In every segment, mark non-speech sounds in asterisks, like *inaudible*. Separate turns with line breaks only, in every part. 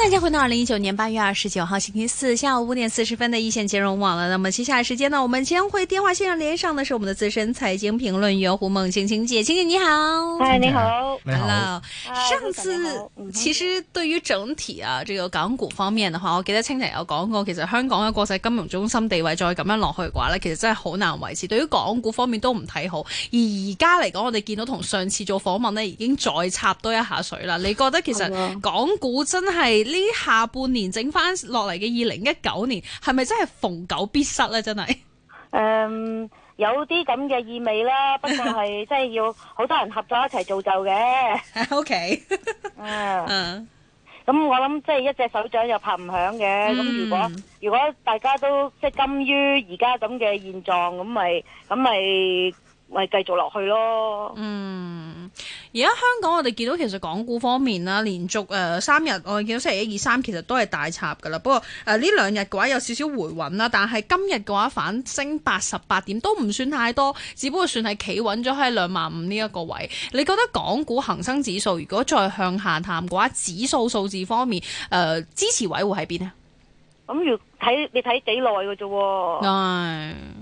大家回到二零一九年八月二十九號星期四下午五點四十分的一線金融網了。那麼接下來時間呢，我們將會電話線上連上的是我們的資深財經評論員胡孟青青姐。青姐你好，嗨，你好，來了、嗯。上次其實對於整體啊，這個港股方面的話，我記得青姐有講過，其實香港嘅國際金融中心地位再咁樣落去嘅話呢其實真係好難維持。對於港股方面都唔睇好，而而家嚟講，我哋見到同上次做訪問呢已經再插多一下水啦。你覺得其實港股真係？呢下半年整翻落嚟嘅二零一九年，係咪真係逢九必失咧？真係，誒，有啲咁嘅意
味啦。不過係真係要好多人合作一齊造就嘅。OK，啊，咁我諗即係一隻手掌又拍唔響嘅。咁如果如果大家都即係甘於而家咁嘅現狀，咁咪咁咪。
咪繼續落去咯。嗯，而家香港我哋見到其實港股方面啦，連續誒三日我哋見到星期一、二、三其實都係大插噶啦。不過誒呢兩日嘅話有少少回穩啦，但係今日嘅話反升八十八點，都唔算太多，只不過算係企穩咗喺兩萬五呢一個位。你覺得港股恒生指數如果再向下探嘅話，指數數字方面誒支持位會喺邊呢？咁如
睇你睇幾耐嘅啫喎，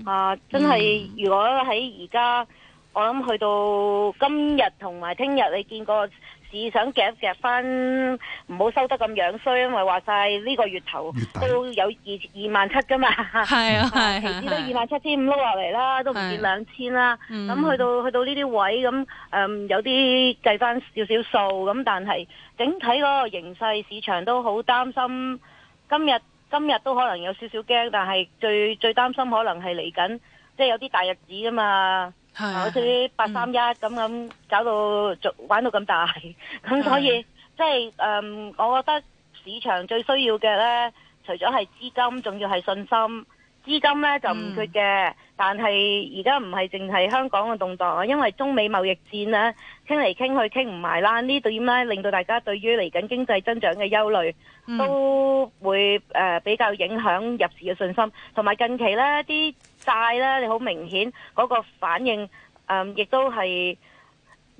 啊，真係如果喺而家，我諗去到今日同埋聽日，你見個市想夾夾翻，唔好收得咁樣衰，因為話晒呢個月頭都有 27, 二二萬七㗎嘛，係啊係，啊啊都 27,、啊、二萬七千、啊、五碌落嚟啦，都唔見兩千啦、啊。咁、啊嗯嗯嗯、去到去到呢啲位咁、嗯，有啲計翻少少數咁，但係整體嗰個形勢市場都好擔心今日。今日都可能有少少驚，但係最最擔心可能係嚟緊，即係有啲大日子啊嘛，好似八三一咁咁，搞到玩到咁大，咁所以、啊、即係誒、嗯，我覺得市場最需要嘅呢，除咗係資金，仲要係信心。資金咧就唔缺嘅、嗯，但係而家唔係淨係香港嘅動作盪。啊，因為中美貿易戰咧傾嚟傾去傾唔埋啦，呢點咧令到大家對於嚟緊經濟增長嘅憂慮都會誒、呃、比較影響入市嘅信心，同埋近期咧啲債咧你好明顯嗰個反應誒，亦、呃、都係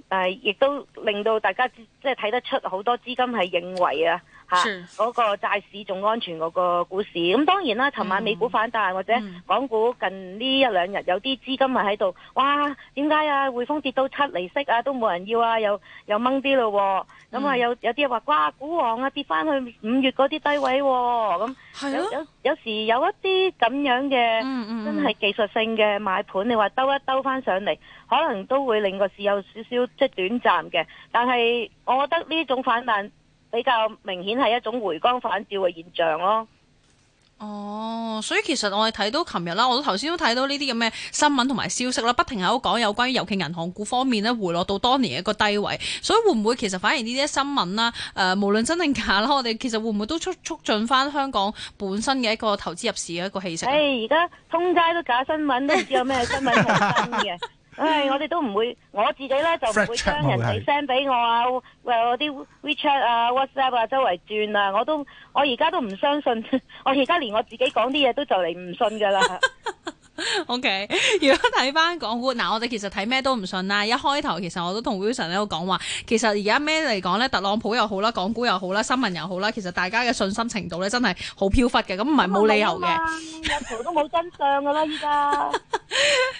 誒，亦、呃、都令到大家即係睇得出好多資金係認為啊。吓，嗰、啊嗰個債市仲安全，嗰個股市咁，當然啦。尋晚美股反彈、嗯，或者港股近呢一兩日有啲資金咪喺度。哇，點解啊？匯豐跌到七厘息啊，都冇人要啊，又又掹啲咯。咁啊，嗯、有有啲話哇，股王啊跌翻去五月嗰啲低位，啊。咁有、啊、有有時有一啲咁樣嘅、嗯嗯，真係技術性嘅買盤，你話兜一兜翻上嚟，可能都會令個市有少少即係短暫嘅。但係我覺得呢種反彈，比較明顯係一種
迴光返照嘅現象咯。哦，所以其實我哋睇到琴日啦，我都頭先都睇到呢啲咁嘅新聞同埋消息啦，不停喺度講有關於尤其銀行股方面咧回落到當年一個低位，所以會唔會其實反而呢啲新聞啦，誒、呃，無論真定假啦，我哋其實會唔會都促促進翻香港本身嘅一個投資入市嘅一個氣勢？誒、哎，而家通街都假新聞，都唔知道有咩新聞係真嘅。 *laughs*
唉、 *laughs* 哎，我哋都唔會，我自己咧就唔會將人哋 send 俾我啊，喂，我啲 WeChat 啊、WhatsApp 啊周圍轉啊，我都我而家都唔相信， *laughs* 我而家連我自己講啲嘢都就嚟唔信噶啦。 *laughs*
O.K. 如果睇翻港股，嗱我哋其實睇咩都唔信啦。一開頭其實我都同 Wilson 喺度講話，其實而家咩嚟講咧，特朗普又好啦，港股又好啦，新聞又好啦，其實大家嘅信心程度咧真係好飄忽嘅，咁唔係冇理由嘅。日圖
都冇真相噶啦，依
家。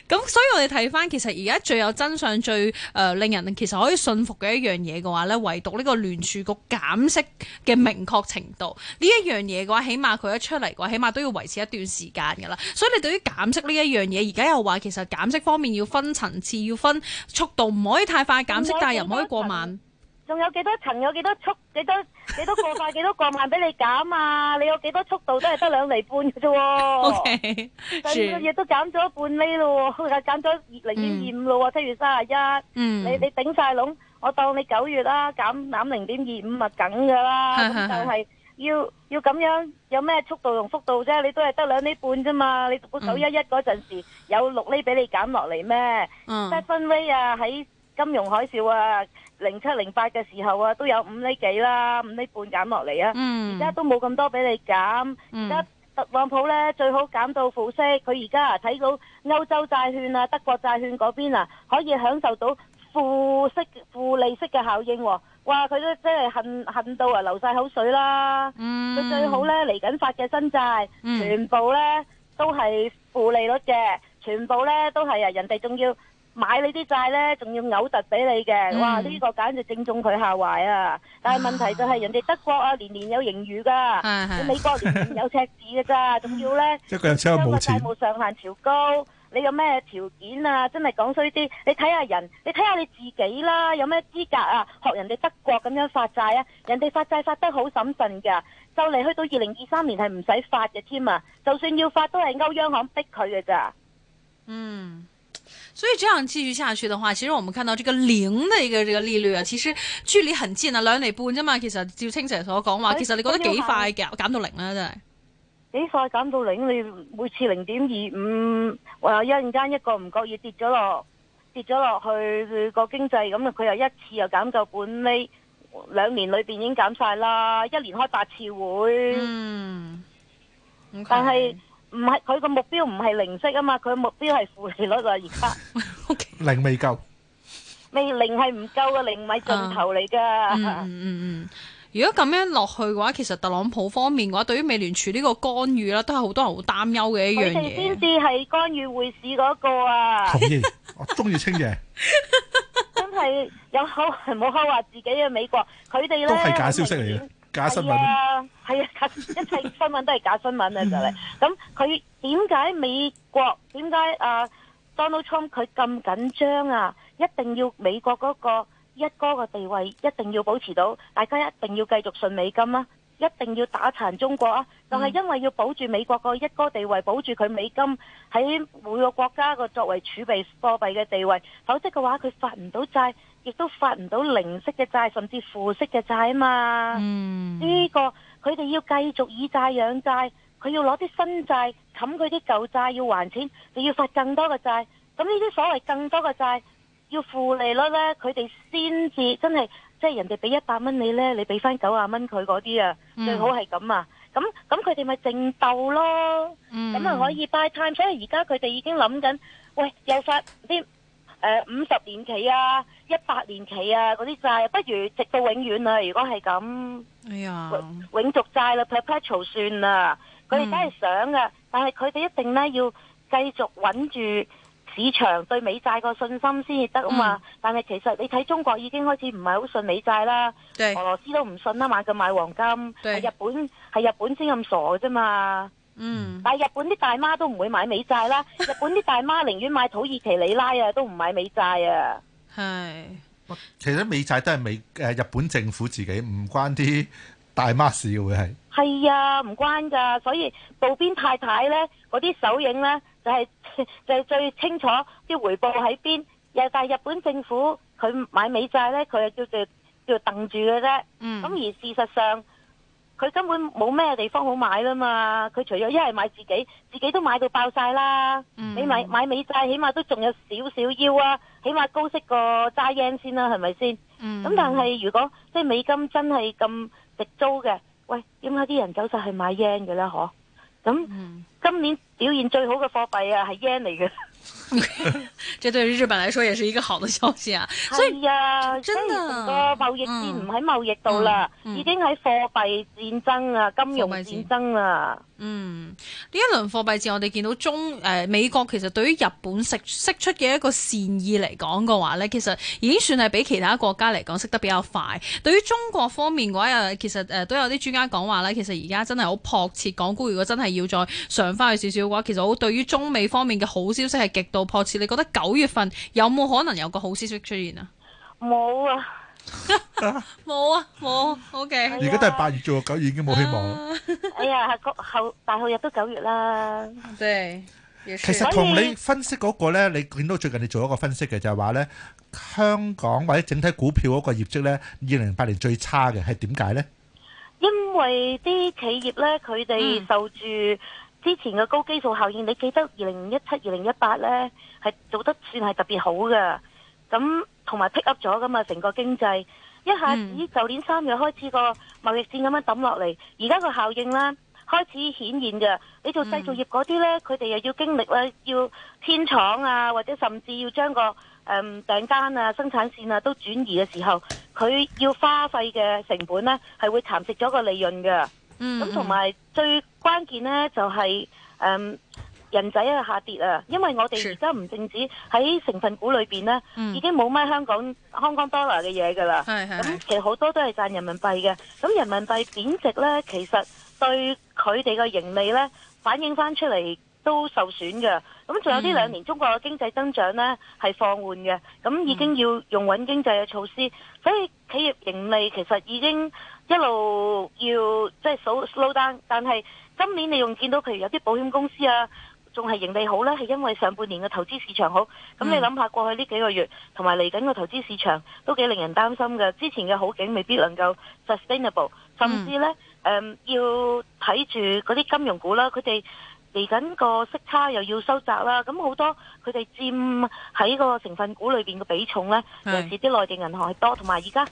咁所以我哋睇翻，其實而家最有真相、最誒令人其實可以信服嘅一樣嘢嘅話咧，唯獨呢個聯儲局減息嘅明確程度呢一樣嘢嘅話，起碼佢一出嚟嘅話，起碼都要維持一段時間噶啦。所以你對於減息。呢一樣嘢而家又話其實減息方面要分層次，要分速度，唔可以太快減息，但係又唔可以過慢。仲有幾多
層？有幾多速？幾多幾多過快？幾多過慢？俾你減啊！你有幾多速度都係得兩釐半嘅啫。OK，上個月都減咗半厘咯，減咗零點二五咯。七月三十一，你你頂晒籠，我當你九月啦，減攬零點二五梗㗎啦。就係。要要咁樣，有咩速度同幅度啫？你都係得兩厘半啫嘛！你九一一嗰陣時有六厘俾你減落嚟咩？嗯，德分威啊，喺金融海嘯啊，零七零八嘅時候啊，都有五厘幾啦，五厘半減落嚟啊！嗯，而家都冇咁多俾你減。嗯，而家特朗普呢，最好減到負息，佢而家啊，睇到歐洲債券啊、德國債券嗰邊啊，可以享受到負息、負利息嘅效應。哇！佢都真係恨恨到啊，流晒口水啦！嗯，佢最好咧嚟緊發嘅新債，全部咧都係負利率嘅，全部咧都係啊！人哋仲要買你啲債咧，仲要嘔突俾你嘅。哇！呢個簡直正中佢下懷啊！但係問題就係人哋德國啊，年年有盈餘噶，你美國年年有赤字噶咋，仲要咧，將個債務上限調高。你有咩條件啊？真係講衰啲，你睇下人，你睇下你自己啦，有咩資格啊？學人哋德國咁樣發債啊？人哋發債發得好審慎噶，就嚟去到二零二三年係唔使發嘅添啊！就算要發，都係歐央行逼佢嘅咋。嗯，
所以這樣繼續下去的話，其實我們看到這個零的一個這個利率啊， *laughs* 其實距離很近啊，兩厘半啫嘛。其實照青姐所講話，其實你覺得幾快嘅？減到零啦真係。
幾快減到零？你每次零點二五，哇，一陣間一個唔覺意跌咗落，跌咗落去佢個經濟咁啊！佢又一次又減到半厘，兩年裏邊已經減晒啦！一年開八次會，嗯，okay. 但係唔係佢個目標唔係零息啊嘛，佢目標係負利率啊而家
零未夠，
未零係唔夠嘅零咪盡頭嚟噶。嗯嗯。嗯如果咁樣落去嘅話，其實特朗普方面嘅話，對於美聯儲呢個干預啦，都係好多人好擔憂嘅一樣嘢。佢哋先至係干預匯市嗰個啊！
同意，我中意清嘅。
*laughs* 真係有口冇口話自己嘅美國，佢哋咧都係假消息嚟嘅，
假新聞。
係啊，係啊，一切新聞都係假新聞啊， *laughs* 就係咁。咁佢點解美國點解啊 Donald Trump 佢咁緊張啊？一定要美國嗰、嗰個。一哥嘅地位一定要保持到，大家一定要繼續信美金啊！一定要打殘中國啊！就係、是、因為要保住美國個一哥地位，保住佢美金喺每個國家個作為儲備貨幣嘅地位，否則嘅話佢發唔到債，亦都發唔到零息嘅債，甚至負息嘅債啊嘛！呢、嗯這個佢哋要繼續以債養債，佢要攞啲新債冚佢啲舊債要還錢，就要發更多嘅債，咁呢啲所謂更多嘅債。要負利率呢，佢哋先至真係，即係人哋畀一百蚊你呢，你畀翻九啊蚊佢嗰啲啊，嗯、最好係咁啊，咁咁佢哋咪競鬥咯，咁、嗯、啊可以 buy time，所以而家佢哋已經諗緊，喂又發啲五十年期啊、一百年期啊嗰啲債，不如直到永遠啊！如果係咁，
哎、
永續債啦，perpetual 算啦，
佢哋梗係
想噶，嗯、但係佢哋一定呢，要繼續穩住。市場對美債個信心先至得啊嘛，但係其實你睇中國已經開始唔係好信美債啦，俄羅斯都唔信啦，買就買黃金，日本係日本先咁傻嘅啫嘛。嗯，但係日本啲大媽都唔會買美債啦， *laughs* 日本啲大媽寧願買土耳其里拉啊，都唔買美債啊。
係，其實美債都係美日本政府自己，唔關啲。大媽事會係
係啊，唔關噶，所以渡邊太太呢嗰啲手影呢，就係、是、就係、是、最清楚啲、就是、回報喺邊。又但係日本政府佢買美債呢，佢係叫做叫等住嘅啫。咁、嗯、而事實上，佢根本冇咩地方好買啦嘛。佢除咗一係買自己，自己都買到爆晒啦、嗯。你買買美債，起碼都仲有少少要啊，起碼高息過 yen 先啦、啊，係咪先？咁、嗯、但係如果即係美金真係咁。直租嘅，喂，點解啲人走晒去買 yen 嘅咧？嗬，咁今年表現最好嘅貨幣啊，係 yen 嚟嘅。
這 *laughs* *laughs* *laughs* 對於日本來說也是一個好的消息啊！所以，啊，真個貿
易戰唔喺貿易度啦，嗯
嗯，已經喺貨幣戰爭啊、金融戰爭啦。嗯，呢一輪貨幣戰我哋見到中誒、呃、美國其實對於日本釋出嘅一個善意嚟講嘅話呢，其實已經算係比其他國家嚟講釋得比較快。對於中國方面嘅話，其實誒都有啲專家講話呢，其實而家真係好迫切，港股如果真係要再上翻去少少嘅話，其實好對於中美方面嘅好消息係。極度迫切，你覺得九月份有冇可能有個好消息出現沒有啊？冇 *laughs* 啊，冇啊，冇、okay。O. K. 而家
都係八月做，到九月已經冇希望。
哎呀，後、哎、大後日都九
月啦。對，即係其實同你
分析嗰、那個咧，你見到最近你做一個分析嘅就係話咧，香港或者整體股票嗰個業績咧，二零零八年最差嘅係點解咧？
因為啲企業咧，佢哋受住、嗯。之前嘅高基數效應，你記得二零一七、二零一八呢係做得算係特別好噶咁同埋 pick up 咗噶嘛，成個經濟一下子舊、嗯、年三月開始個貿易戰咁樣抌落嚟，而家個效應呢開始顯現嘅。你做製造業嗰啲呢佢哋，嗯、又要經歷呢要遷廠啊，或者甚至要將個誒訂單啊、生產線啊都轉移嘅時候，佢要花費嘅成本呢係會蠶食咗個利潤嘅。咁同埋最。關鍵咧，就係、是、誒、嗯、人仔啊下跌啊，因為我哋而家唔淨止喺成分股裏邊咧、嗯，已經冇乜香港 Hong Kong dollar 嘅嘢噶啦。咁、嗯、其實好多都係賺人民幣嘅，咁人民幣貶值咧，其實對佢哋個盈利咧反映翻出嚟都受損嘅。咁仲有呢兩年中國嘅經濟增長咧係、嗯、放緩嘅，咁已經要用穩經濟嘅措施、嗯，所以企業盈利其實已經一路要即係、就是、slow down，但係。今年你仲見到譬如有啲保險公司啊，仲係盈利好咧，係因為上半年嘅投資市場好。咁你諗下過去呢幾個月，同埋嚟緊個投資市場都幾令人擔心嘅。之前嘅好景未必能夠 sustainable，甚至咧誒、嗯嗯、要睇住嗰啲金融股啦，佢哋嚟緊個息差又要收窄啦。咁好多佢哋佔喺個成分股裏邊嘅比重咧，尤其是啲內地銀行係多，同埋而家。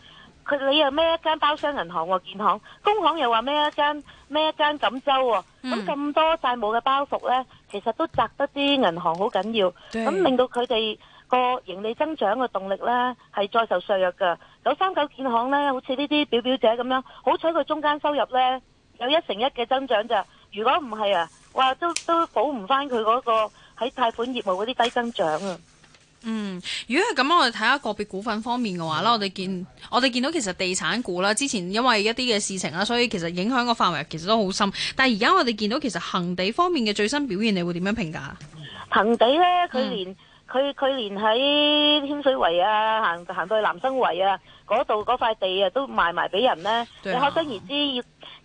佢你又孭一間包商銀行喎？建行、工行又話孭一間孭一間錦州喎？咁、嗯、咁多債務嘅包袱呢，其實都摘得啲銀行好緊要，咁令到佢哋個盈利增長嘅動力呢，係再受削弱噶。九三九建行呢，好似呢啲表表姐咁樣，好彩佢中間收入呢，有一成一嘅增長咋。如果唔係啊，哇，都都補唔翻佢嗰個喺貸款業務嗰啲低增長啊。
嗯，
如果係咁樣，我哋睇下個別股份方面嘅話啦，我哋見。我哋見到其實地產股啦，之前因為一啲嘅事情啦，所以其實影響嘅範圍其實都好深。但係而家我哋見到其實恆地方面嘅最新表現，你會點樣評價？
恆地呢，佢連佢佢、嗯、連喺天水圍啊，行行到去南生圍啊，嗰度嗰塊地啊都賣埋俾人呢。你、啊、可想而知，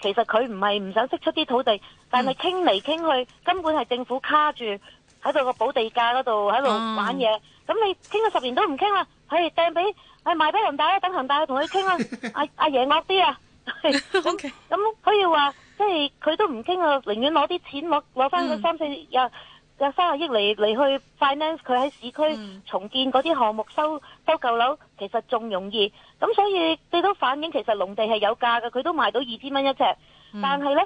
其實佢唔係唔想釋出啲土地，但係傾嚟傾去、嗯、根本係政府卡住喺度個保地價嗰度喺度玩嘢。咁、嗯、你傾咗十年都唔傾啦，佢掟俾。誒、哎，賣俾恒大啦，等恒大去同佢傾啊。阿阿爺惡啲啊，咁咁佢要話，即係佢都唔傾啊，寧願攞啲錢攞攞翻佢三四廿廿三十億嚟嚟去 finance 佢喺市區重建嗰啲項目收收舊樓，其實仲容易。咁所以你都反映，其實農地係有價嘅，佢都賣到二千蚊一尺、嗯。但係呢，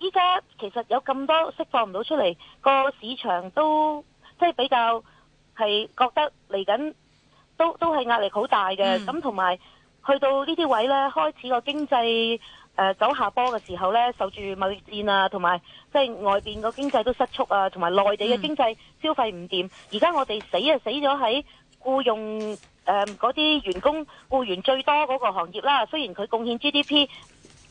依家其實有咁多釋放唔到出嚟，個市場都即係比較係覺得嚟緊。都都係壓力好大嘅，咁同埋去到呢啲位咧，開始個經濟誒、呃、走下坡嘅時候咧，受住貿易戰啊，同埋即係外邊個經濟都失速啊，同埋內地嘅經濟消費唔掂。而、嗯、家我哋死啊死咗喺僱傭誒嗰啲員工僱員最多嗰個行業啦，雖然佢貢獻 GDP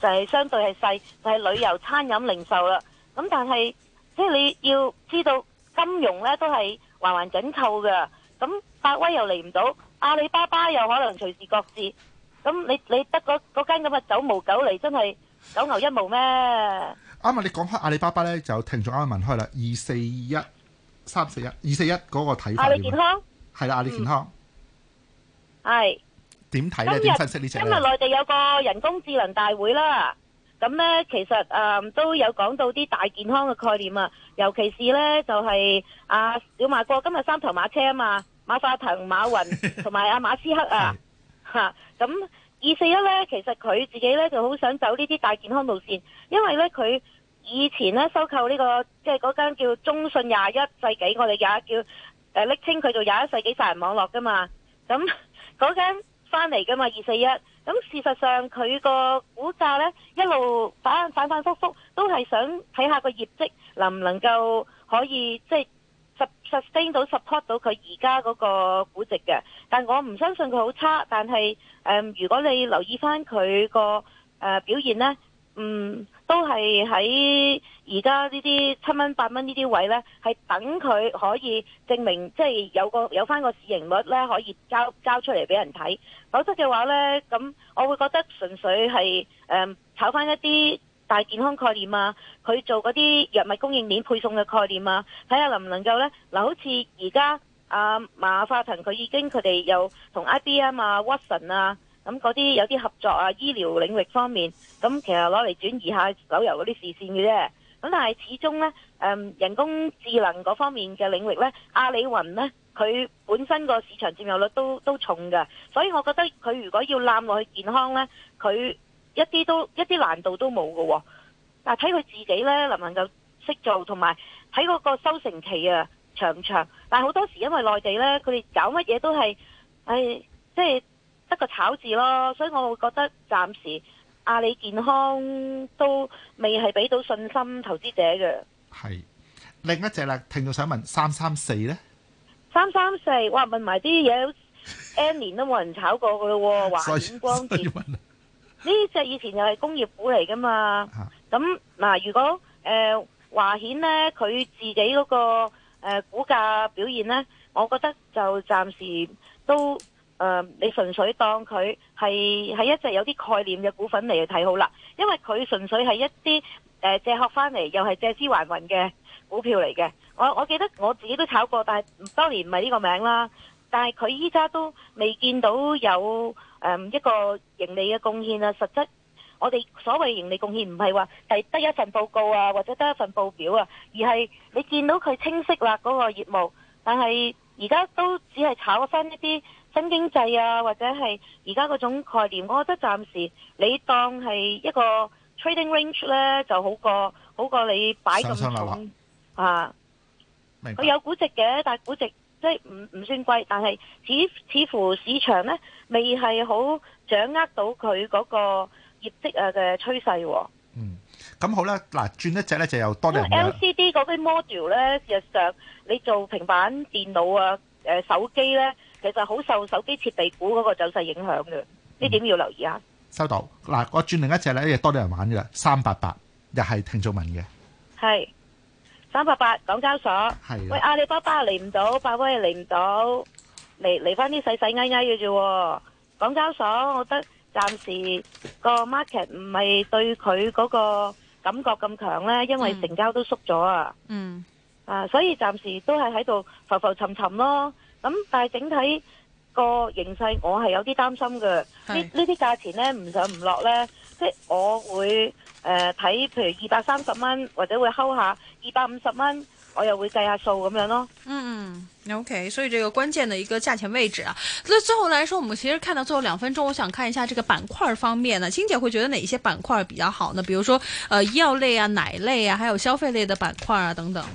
就係相對係細，係、就是、旅遊、餐飲、零售啦。咁但係即係你要知道，金融咧都係環環緊扣嘅。咁百威又嚟唔到，阿里巴巴又可能隨時擱置。咁你你得嗰間間咁嘅九毛九嚟，真係九牛一毛咩？
啱啊！你講開阿里巴巴咧，就聽咗啱啱問開啦。二四一三四一，二四一嗰個睇法。阿里健康係啦，阿里健康係點睇咧？今日今日內
地有個人工智能大會啦。咁、嗯、呢，其實誒、嗯、都有講到啲大健康嘅概念啊，尤其是呢，就係、是、啊小馬哥今日三頭馬車啊嘛，馬化騰、馬雲同埋阿馬斯克啊，咁二四一呢，其實佢自己呢就好想走呢啲大健康路線，因為呢，佢以前呢，收購呢、這個即係嗰間叫中信廿一世紀，我哋也叫誒暱、呃、稱佢做廿一世紀殺人網絡㗎嘛，咁嗰間翻嚟㗎嘛，二四一。咁事實上，佢個股價呢一路反反反覆覆，都係想睇下個業績能唔能夠可以即係 sustain 到 support 到佢而家嗰個估值嘅。但我唔相信佢好差，但係、嗯、如果你留意返佢個表現呢。嗯，都係喺而家呢啲七蚊八蚊呢啲位呢，係等佢可以證明即係有個有翻個市盈率呢，可以交交出嚟畀人睇。否則嘅話呢，咁我會覺得純粹係誒、嗯、炒翻一啲大健康概念啊，佢做嗰啲藥物供應鏈配送嘅概念啊，睇下能唔能夠呢。嗱、嗯，好似而家阿馬化騰佢已經佢哋有同 IBM 啊、Watson 啊。咁嗰啲有啲合作啊，醫療領域方面，咁其實攞嚟轉移下手遊嗰啲視線嘅啫。咁但係始終呢，嗯，人工智能嗰方面嘅領域呢，阿里雲呢，佢本身個市場佔有率都都重㗎。所以我覺得佢如果要攬落去健康呢，佢一啲都一啲難度都冇㗎喎。但睇佢自己呢，能唔能夠識做，同埋睇嗰個收成期啊長唔長？但係好多時因為內地呢，佢哋搞乜嘢都係係即係。哎即係得個炒字咯，所以我會覺得暫時阿里、啊、健康都未係俾到信心投資者嘅。
係另一隻啦，聽到想問三三四咧。
三三四，3, 3, 4, 哇！問埋啲嘢，N 年都冇人炒過佢咯，華顯光電呢隻以,以,以前又係工業股嚟噶嘛？咁 *laughs* 嗱，如果誒華顯咧，佢、呃、自己嗰、那個誒、呃、股價表現咧，我覺得就暫時都。誒、嗯，你純粹當佢係係一隻有啲概念嘅股份嚟去睇好啦，因為佢純粹係一啲誒、呃、借殼翻嚟，又係借資還運嘅股票嚟嘅。我我記得我自己都炒過，但係當年唔係呢個名啦。但係佢依家都未見到有誒、呃、一個盈利嘅貢獻啦。實質我哋所謂盈利貢獻唔係話係得一份報告啊，或者得一份報表啊，而係你見到佢清晰啦嗰、那個業務。但係而家都只係炒翻一啲新經濟啊，或者係而家嗰種概念，我覺得暫時你當係一個 trading range 咧，就好過好過你擺咁重上上話啊。
明白。佢有
估值嘅，但係估值即係唔唔算貴，但係似似乎市場咧未係好掌握到佢嗰個業績啊嘅趨勢啊。嗯，
咁好啦，嗱轉一隻咧就有多隻啊。L C
D 嗰啲 module 咧，事實上你做平板電腦啊，誒手機咧。其實好受手機設備股嗰個走勢影響嘅，呢點要留意下。
收到。嗱，我轉另一隻咧，又多啲人玩嘅，三八八又係聽眾問嘅，
係三八八港交所。喂，阿里巴巴嚟唔到，百威嚟唔到，嚟嚟翻啲細細矮矮嘅啫。港交所，我覺得暫時個 market 唔係對佢嗰個感覺咁強咧，因為成交都縮咗啊。嗯啊，所以暫時都係喺度浮浮沉沉咯。咁、嗯、但係整體個形勢，我係有啲擔心嘅。呢呢啲價錢咧，唔上唔落咧，即係我會誒睇、呃、譬如二百三十蚊，或者會 hold 下二百五十
蚊，我又會計一下數咁樣咯。嗯，OK。所以這個關鍵的一個價錢位置啊。所以最後來說，我們其實看到最後兩分鐘，我想看一下這個板塊方面呢，青姐會覺得哪些板塊比較好呢？比如說，誒、呃，醫藥類啊，奶類啊，還有消費類的板塊啊，等等。
誒、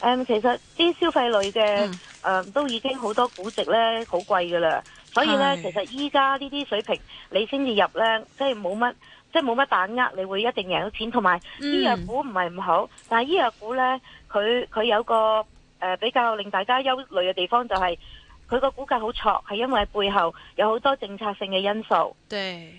嗯，其實啲消費類嘅。嗯誒、嗯，都已經好多估值咧，好貴噶啦，所以咧，其實依家呢啲水平，你先至入咧，即係冇乜，即係冇乜把握你會一定贏到錢。同埋，醫、嗯、藥股唔係唔好，但係醫藥股咧，佢佢有個誒、呃、比較令大家憂慮嘅地方就係，佢個股價好挫，係因為背後有好多政策性嘅因素。對，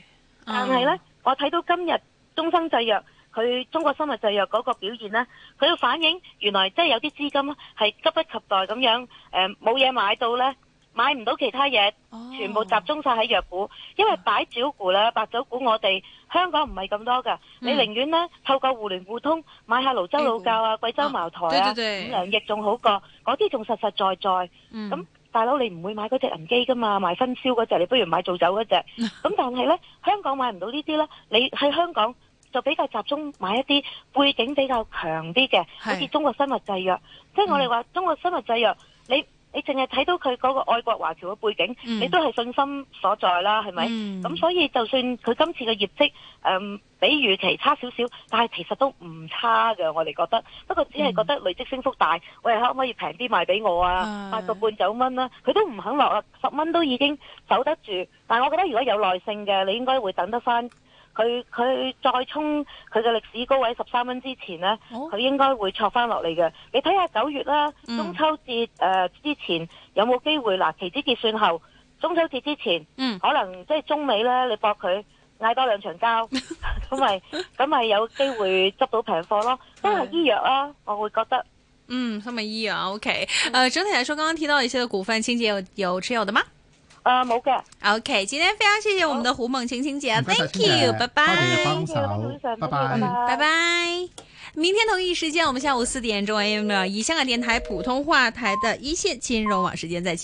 但係咧、嗯，我睇到今日眾生製藥。佢中國生物製藥嗰個表現呢，佢要反映原來即係有啲資金係急不及待咁樣，誒，冇嘢買到呢，買唔到其他嘢，全部集中晒喺藥股，因為白酒股咧、白酒股我哋香港唔係咁多噶、嗯，你寧願呢透過互聯互通買下瀘州老窖、哎、啊、貴州茅台啊，咁、啊、五糧液仲好過，嗰啲仲實實在在，在。咁、嗯嗯、大佬你唔會買嗰隻銀基㗎嘛，賣分銷嗰隻，你不如買造酒嗰隻。咁、嗯、但係呢， *laughs* 香港買唔到呢啲啦，你喺香港。就比較集中買一啲背景比較強啲嘅，好似中國生物製藥。嗯、即係我哋話中國生物製藥，你你淨係睇到佢嗰個愛國華僑嘅背景，嗯、你都係信心所在啦，係咪？咁、嗯、所以就算佢今次嘅業績、嗯、比預期差少少，但係其實都唔差嘅，我哋覺得。不過只係覺得累積升幅大，我哋、嗯、可唔可以平啲賣畀我啊？八、嗯、個半九蚊啦，佢都唔肯落啊，十蚊都，都已經守得住。但係我覺得如果有耐性嘅，你應該會等得翻。佢佢再衝佢嘅歷史高位十三蚊之前呢，佢應該會挫翻落嚟嘅。你睇下九月啦、啊，中秋節誒、呃、之前有冇機會？嗱，期指結算後，中秋節之前，嗯可能即係中美呢，你搏佢嗌多兩場交，咁咪咁咪有機會執到平貨咯。都係醫藥啦、啊，我會覺
得嗯，生物醫藥 OK。誒、呃，整體來說，剛剛提到一些嘅股份，清潔有有持有的嗎？啊，冇嘅。OK，今天非常謝謝我們的胡夢晴晴姐、oh,，Thank you，拜拜。多謝幫 y 拜拜，拜拜。Bye bye 明天同一時間，我們下午四點鐘，AM 有，沒有以香港電台普通話台的一線金融網時間再見。